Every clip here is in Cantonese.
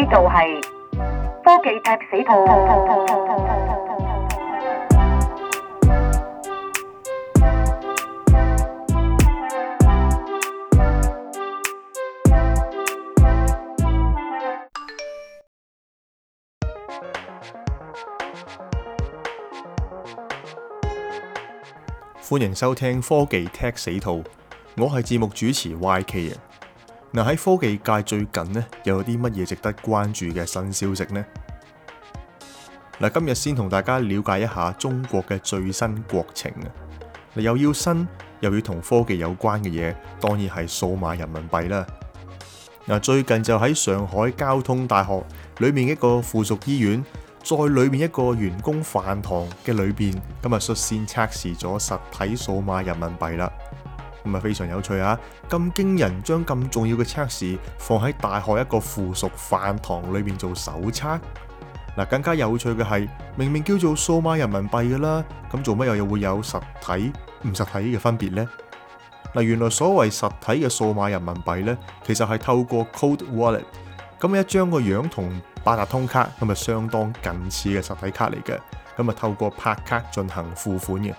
呢度係科技踢死兔，歡迎收聽科技踢死兔，我係節目主持 YK 啊。嗱，喺科技界最近呢，又有啲乜嘢值得關注嘅新消息呢？嗱，今日先同大家了解一下中國嘅最新國情啊！又要新又要同科技有關嘅嘢，當然係數碼人民幣啦。嗱，最近就喺上海交通大學裏面一個附屬醫院，在裏面一個員工飯堂嘅裏邊，今日率先測試咗實體數碼人民幣啦。咁啊非常有趣啊！咁驚人將咁重要嘅測試放喺大學一個附屬飯堂裏面做手測。嗱，更加有趣嘅係，明明叫做數碼人民幣㗎啦，咁做乜又會有實體唔實體嘅分別呢？嗱，原來所謂實體嘅數碼人民幣呢，其實係透過 code wallet，咁，一張個樣同八達通卡咁啊相當近似嘅實體卡嚟嘅，咁啊透過拍卡進行付款嘅。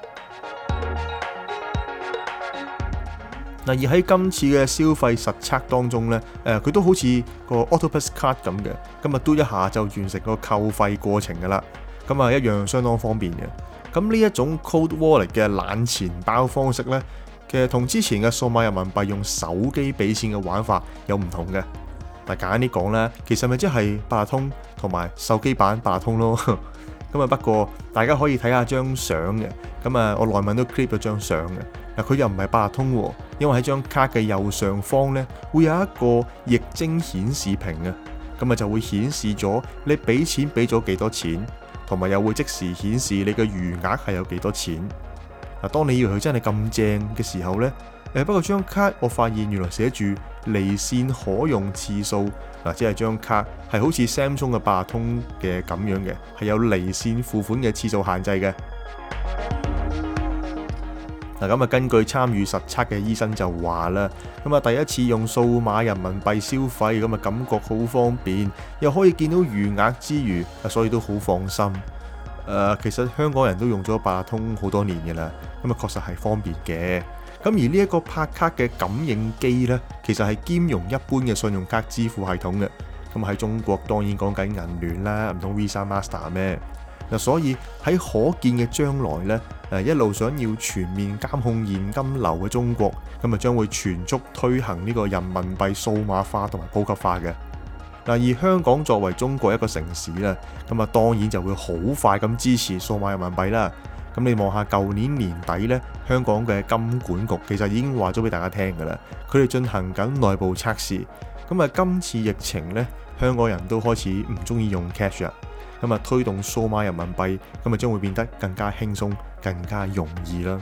嗱，而喺今次嘅消費實測當中呢，誒佢、呃、都好似個 Autopass Card 咁嘅，咁啊嘟一下就完成個扣費過程噶啦，咁、嗯、啊一樣相當方便嘅。咁呢一種 Cold Wallet 嘅冷錢包方式呢，其實同之前嘅數碼人民幣用手機俾錢嘅玩法有唔同嘅。嗱、嗯、簡單啲講呢，其實咪即係八達通同埋手機版八達通咯。咁啊，不過大家可以睇下張相嘅，咁啊，我內文都 clip 咗張相嘅。嗱，佢又唔係八達通喎，因為喺張卡嘅右上方咧，會有一個液晶顯示屏啊，咁啊就會顯示咗你俾錢俾咗幾多錢，同埋又會即時顯示你嘅餘額係有幾多錢。嗱，當你以為佢真係咁正嘅時候呢。誒，不過張卡我發現原來寫住離線可用次數，嗱，即係張卡係好似 Samsung 嘅八達通嘅咁樣嘅，係有離線付款嘅次數限制嘅。嗱，咁啊，根據參與實測嘅醫生就話啦，咁啊，第一次用數碼人民幣消費，咁啊，感覺好方便，又可以見到餘額之餘，啊，所以都好放心。誒、呃，其實香港人都用咗八達通好多年嘅啦，咁啊，確實係方便嘅。咁而呢一個拍卡嘅感應機呢，其實係兼容一般嘅信用卡支付系統嘅。咁喺中國當然講緊銀聯啦，唔通 Visa、Master 咩？嗱，所以喺可見嘅將來呢，誒一路想要全面監控現金流嘅中國，咁啊將會全速推行呢個人民幣數碼化同埋普及化嘅。嗱，而香港作為中國一個城市呢，咁啊當然就會好快咁支持數碼人民幣啦。咁你望下舊年年底呢，香港嘅金管局其實已經話咗俾大家聽㗎啦，佢哋進行緊內部測試。咁啊，今次疫情呢，香港人都開始唔中意用 cash 啦。咁啊，推動數碼人民幣，咁啊將會變得更加輕鬆、更加容易啦。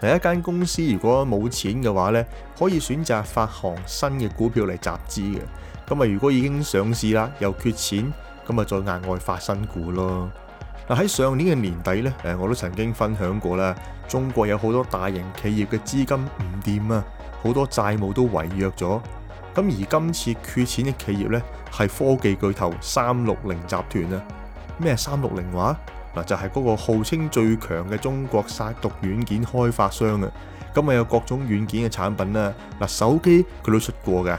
第一間公司如果冇錢嘅話呢，可以選擇發行新嘅股票嚟集資嘅。咁啊！如果已經上市啦，又缺錢，咁啊，再額外發新股咯。嗱，喺上年嘅年底咧，誒，我都曾經分享過啦。中國有好多大型企業嘅資金唔掂啊，好多債務都違約咗。咁而今次缺錢嘅企業咧，係科技巨頭三六零集團啊。咩三六零話？嗱，就係嗰個號稱最強嘅中國殺毒軟件開發商啊。咁啊，有各種軟件嘅產品啦。嗱，手機佢都出過㗎。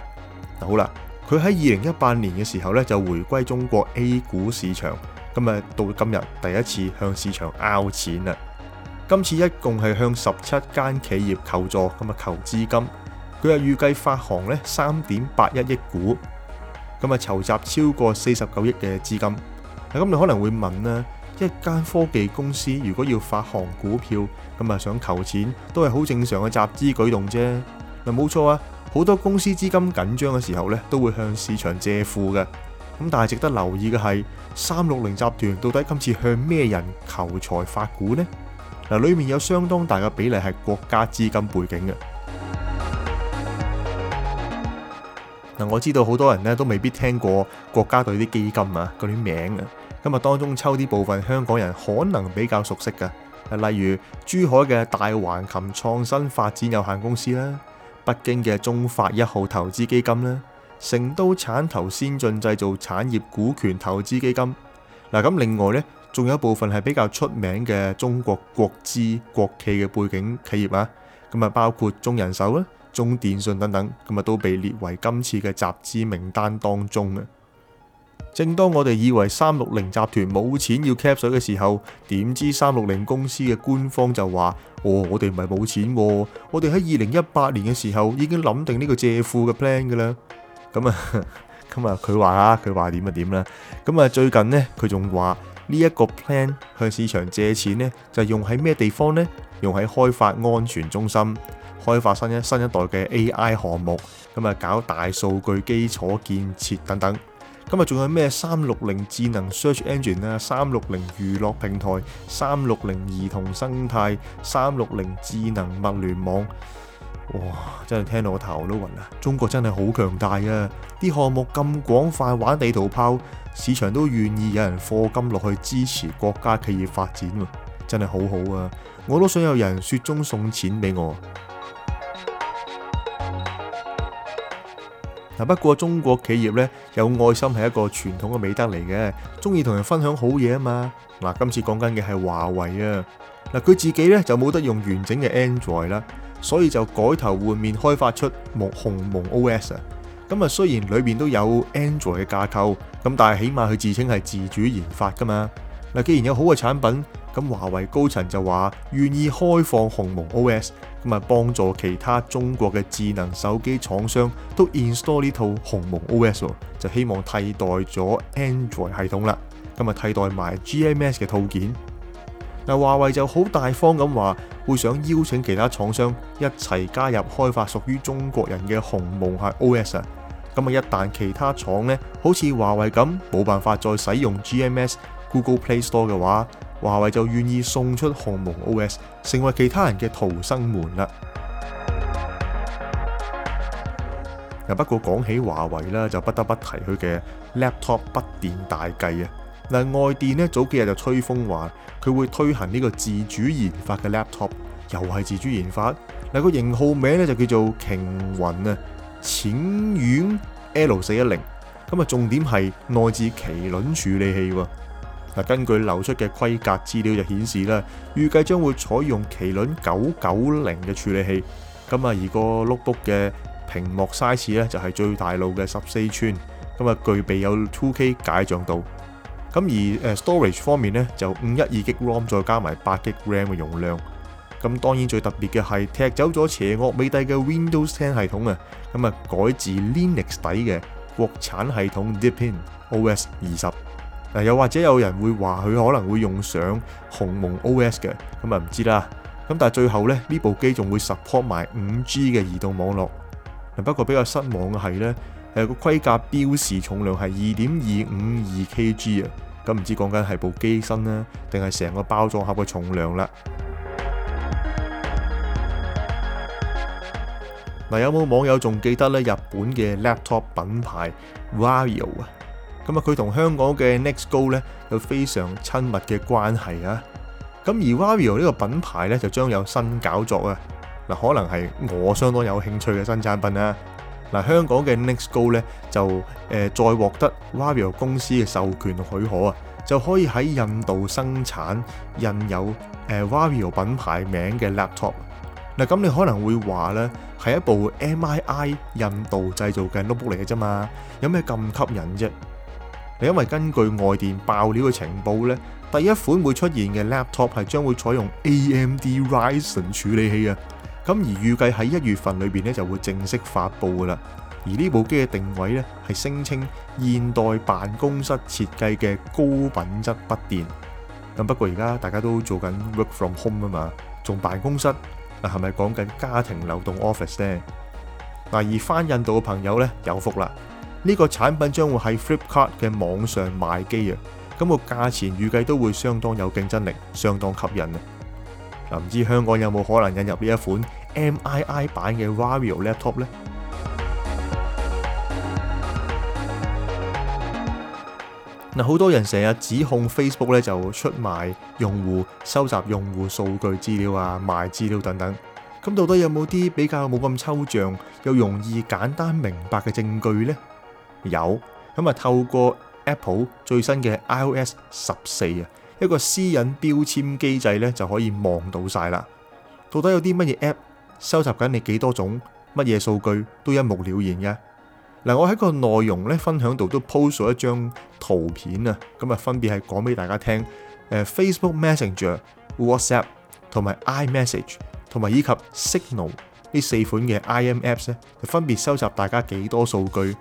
嗱，好啦。佢喺二零一八年嘅時候咧就回歸中國 A 股市場，咁啊，到今日第一次向市場拗錢啦。今次一共係向十七間企業求助，咁啊，求資金。佢又預計發行咧三點八一億股，咁啊，籌集超過四十九億嘅資金。喺咁你可能會問啦，一間科技公司如果要發行股票，咁啊，想求錢都係好正常嘅集資舉動啫。嗱，冇錯啊！好多公司資金緊張嘅時候咧，都會向市場借庫嘅。咁但係值得留意嘅係，三六零集團到底今次向咩人求財發股呢？嗱，裏面有相當大嘅比例係國家資金背景嘅。嗱， 我知道好多人咧都未必聽過國家隊啲基金啊嗰啲名啊，今日當中抽啲部分香港人可能比較熟悉嘅，例如珠海嘅大橫琴創新發展有限公司啦。北京嘅中發一號投資基金咧，成都產投先進製造產業股權投資基金。嗱，咁另外咧，仲有一部分係比較出名嘅中國國資國企嘅背景企業啊。咁啊包括中人壽、啦、中電信等等，咁啊都被列為今次嘅集資名單當中。正當我哋以為三六零集團冇錢要 cap 水嘅時候，點知三六零公司嘅官方就話、哦，我我哋唔係冇錢、哦，我哋喺二零一八年嘅時候已經諗定呢個借庫嘅 plan 噶啦。咁、嗯、啊，咁、嗯、啊，佢話吓，佢話點就點啦。咁啊、嗯嗯，最近呢，佢仲話呢一個 plan 向市場借錢呢，就用喺咩地方呢？用喺開發安全中心、開發新一新一代嘅 AI 項目，咁、嗯、啊，搞大數據基礎建設等等。今日仲有咩三六零智能 search engine 啊，三六零娛樂平台，三六零兒童生態，三六零智能物聯網，哇，真係聽到我頭都暈啊！中國真係好強大啊，啲項目咁廣泛，玩地圖炮，市場都願意有人課金落去支持國家企業發展，真係好好啊！我都想有人雪中送錢俾我。不過中國企業咧，有愛心係一個傳統嘅美德嚟嘅，鍾意同人分享好嘢啊嘛。嗱，今次講緊嘅係華為啊，嗱佢自己咧就冇得用完整嘅 Android 啦，所以就改頭換面開發出蒙鴻蒙 OS 啊。咁啊，雖然裏面都有 Android 嘅架構，咁但係起碼佢自稱係自主研發㗎嘛。嗱，既然有好嘅產品，咁華為高層就話願意開放鴻蒙 OS，咁啊幫助其他中國嘅智能手機廠商都 install 呢套鴻蒙 OS，就希望替代咗 Android 系統啦。咁啊，替代埋 GMS 嘅套件。嗱，華為就好大方咁話，會想邀請其他廠商一齊加入開發屬於中國人嘅鴻蒙系 OS。咁啊，一旦其他廠咧好似華為咁冇辦法再使用 GMS。Google Play Store 嘅話，華為就願意送出鴻蒙 OS，成為其他人嘅逃生門啦。又不過講起華為咧，就不得不提佢嘅 Laptop 不電大計啊。嗱，外電咧早幾日就吹風話佢會推行呢個自主研發嘅 Laptop，又係自主研發嗱，個型號名咧就叫做擎雲啊，纖遠 L 四一零咁啊。重點係內置麒麟處理器喎。嗱，根據流出嘅規格資料就顯示咧，預計將會採用麒麟九九零嘅處理器。咁啊，而個 notebook 嘅屏幕 size 咧就係最大路嘅十四寸。咁啊，具備有 2K 解像度。咁而誒 storage 方面咧，就五一二 G ROM 再加埋八 G RAM 嘅容量。咁當然最特別嘅係踢走咗邪惡美帝嘅 Windows 10系統啊，咁啊改自 Linux 底嘅國產系統 Deepin OS 二十。嗱，又或者有人會話佢可能會用上鴻蒙 OS 嘅，咁啊唔知啦。咁但係最後呢，呢部機仲會 support 埋 5G 嘅移動網絡。嗱，不過比較失望嘅係呢，誒個規格標示重量係 2.252kg 啊，咁唔知講緊係部機身咧，定係成個包裝盒嘅重量啦。嗱，有冇網友仲記得呢日本嘅 laptop 品牌 VAIO 啊？咁啊，佢同香港嘅 Next Go 咧有非常親密嘅關係啊。咁而 Wario 呢個品牌咧就將有新搞作啊。嗱，可能係我相當有興趣嘅新產品啊。嗱，香港嘅 Next Go 咧就再獲得 Wario 公司嘅授權許可啊，就可以喺印度生產印有 Wario 品牌名嘅 Laptop 嗱。咁你可能會話咧，係一部 M I I 印度製造嘅 notebook 嚟嘅啫嘛，有咩咁吸引啫？係因為根據外電爆料嘅情報咧，第一款會出現嘅 laptop 係將會採用 AMD Ryzen 處理器啊，咁而預計喺一月份裏邊咧就會正式發布噶啦，而呢部機嘅定位咧係聲稱現代辦公室設計嘅高品質筆電。咁不過而家大家都做緊 work from home 啊嘛，仲辦公室啊，係咪講緊家庭流動 office 呢？嗱，而翻印度嘅朋友咧有福啦。呢個產品將會喺 Flipkart 嘅網上賣機啊，咁個價錢預計都會相當有競爭力，相當吸引嘅。嗱，唔知道香港有冇可能引入呢一款 MII 版嘅 Vario Laptop 呢？嗱，好多人成日指控 Facebook 咧就出賣用戶、收集用戶數據資料啊、賣資料等等，咁到底有冇啲比較冇咁抽象又容易簡單明白嘅證據呢？有咁啊，透過 Apple 最新嘅 iOS 十四啊，一個私隱標籤機制咧，就可以望到曬啦。到底有啲乜嘢 App 收集緊你幾多種乜嘢數據，都一目了然嘅。嗱，我喺個內容咧分享度都 post 咗一張圖片啊，咁啊分別係講俾大家聽。誒 Facebook Messenger、WhatsApp 同埋 iMessage 同埋以及 Signal 呢四款嘅 IM Apps 咧，就分別收集大家幾多數據。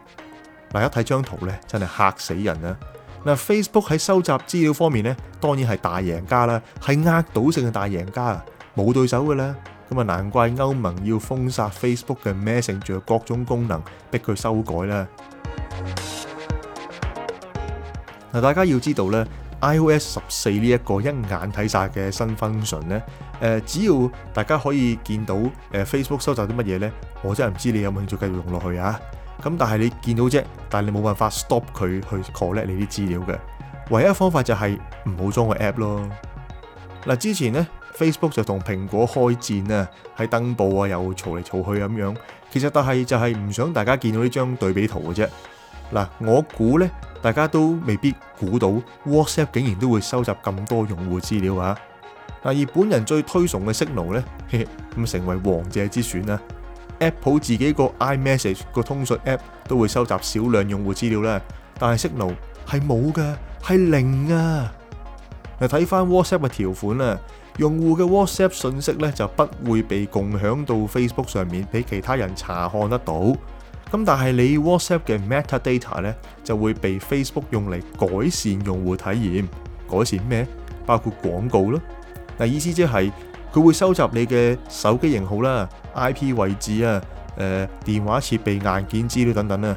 大家睇張圖咧，真係嚇死人啦！嗱，Facebook 喺收集資料方面咧，當然係大贏家啦，係壓倒性嘅大贏家啊，冇對手嘅啦。咁啊，難怪歐盟要封殺 Facebook 嘅 Message，仲有各種功能，逼佢修改啦。嗱， 大家要知道咧，iOS 十四呢一個一眼睇晒嘅新 function 咧，誒，只要大家可以見到 Facebook 收集啲乜嘢咧，我真係唔知你有冇興趣繼續用落去啊！咁但係你見到啫，但係你冇辦法 stop 佢去 collect 你啲資料嘅，唯一方法就係唔好裝個 app 咯。嗱，之前呢 Facebook 就同蘋果開戰啊，喺登報啊又嘈嚟嘈去咁樣，其實但係就係唔想大家見到呢張對比圖嘅啫。嗱，我估呢，大家都未必估到 WhatsApp 竟然都會收集咁多用戶資料啊。嗱，而本人最推崇嘅 Signal 咧，咁 成為王者之選啊。Apple 自己個 iMessage 個通訊 App 都會收集少量用戶資料啦，但係 Signal 係冇㗎，係零啊！嗱，睇翻 WhatsApp 嘅條款啦，用戶嘅 WhatsApp 信息咧就不會被共享到 Facebook 上面俾其他人查看得到。咁但係你 WhatsApp 嘅 metadata 咧就會被 Facebook 用嚟改善用戶體驗，改善咩？包括廣告囉。嗱，意思即係。佢會收集你嘅手機型號啦、IP 位置啊、誒、呃、電話設備硬件資料等等啊。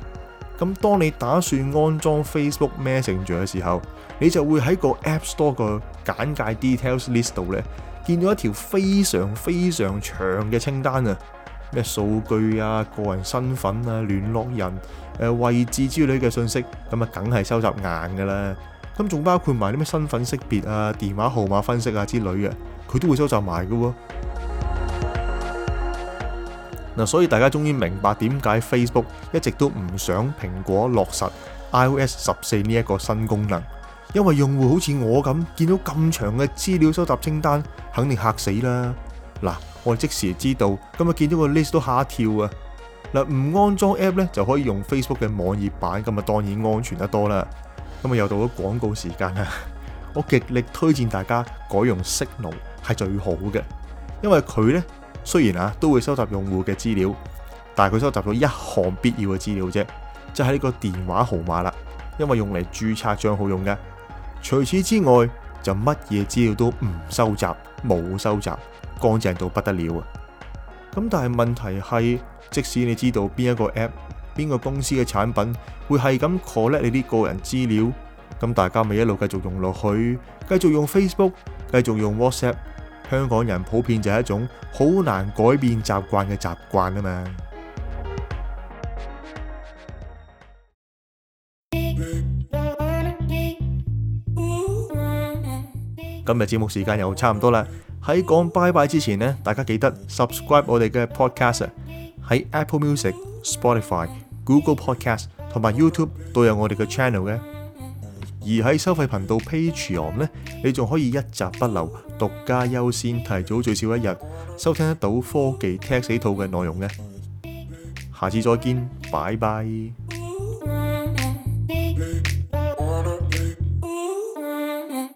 咁當你打算安裝 Facebook Messenger 嘅時候，你就會喺個 App Store 個簡介 details list 度咧見到一條非常非常長嘅清單啊，咩數據啊、個人身份啊、聯絡人、呃、位置之類嘅信息，咁啊梗係收集硬㗎啦。咁仲包括埋啲咩身份識別啊、電話號碼分析啊之類嘅、啊，佢都會收集埋嘅喎。嗱，所以大家終於明白點解 Facebook 一直都唔想蘋果落實 iOS 十四呢一個新功能，因為用戶好似我咁，見到咁長嘅資料收集清單，肯定嚇死啦。嗱，我即時就知道，咁啊見到個 list 都嚇一跳啊。嗱，唔安裝 app 咧，就可以用 Facebook 嘅網頁版，咁啊當然安全得多啦。咁啊又到咗廣告時間啦！我極力推薦大家改用 Signal 係最好嘅，因為佢呢雖然啊都會收集用戶嘅資料，但係佢收集到一項必要嘅資料啫，就係呢個電話號碼啦，因為用嚟註冊帳號用嘅。除此之外就乜嘢資料都唔收集，冇收集，乾淨到不得了啊！咁但係問題係，即使你知道邊一個 app，邊個公司嘅產品會係咁 collect 你啲個人資料？咁大家咪一路繼續用落去，繼續用 Facebook，繼續用 WhatsApp。香港人普遍就係一種好難改變習慣嘅習慣啊嘛。 今日節目時間又差唔多啦，喺講拜拜之前呢，大家記得 subscribe 我哋嘅 podcast 喺 Apple Music、Spotify。Google Podcast 同埋 YouTube 都有我哋嘅 channel 嘅，而喺收費頻道 Patreon 咧，你仲可以一集不漏、獨家優先、提早最少一日收聽得到科技 Tech 死兔嘅內容嘅。下次再見，拜拜。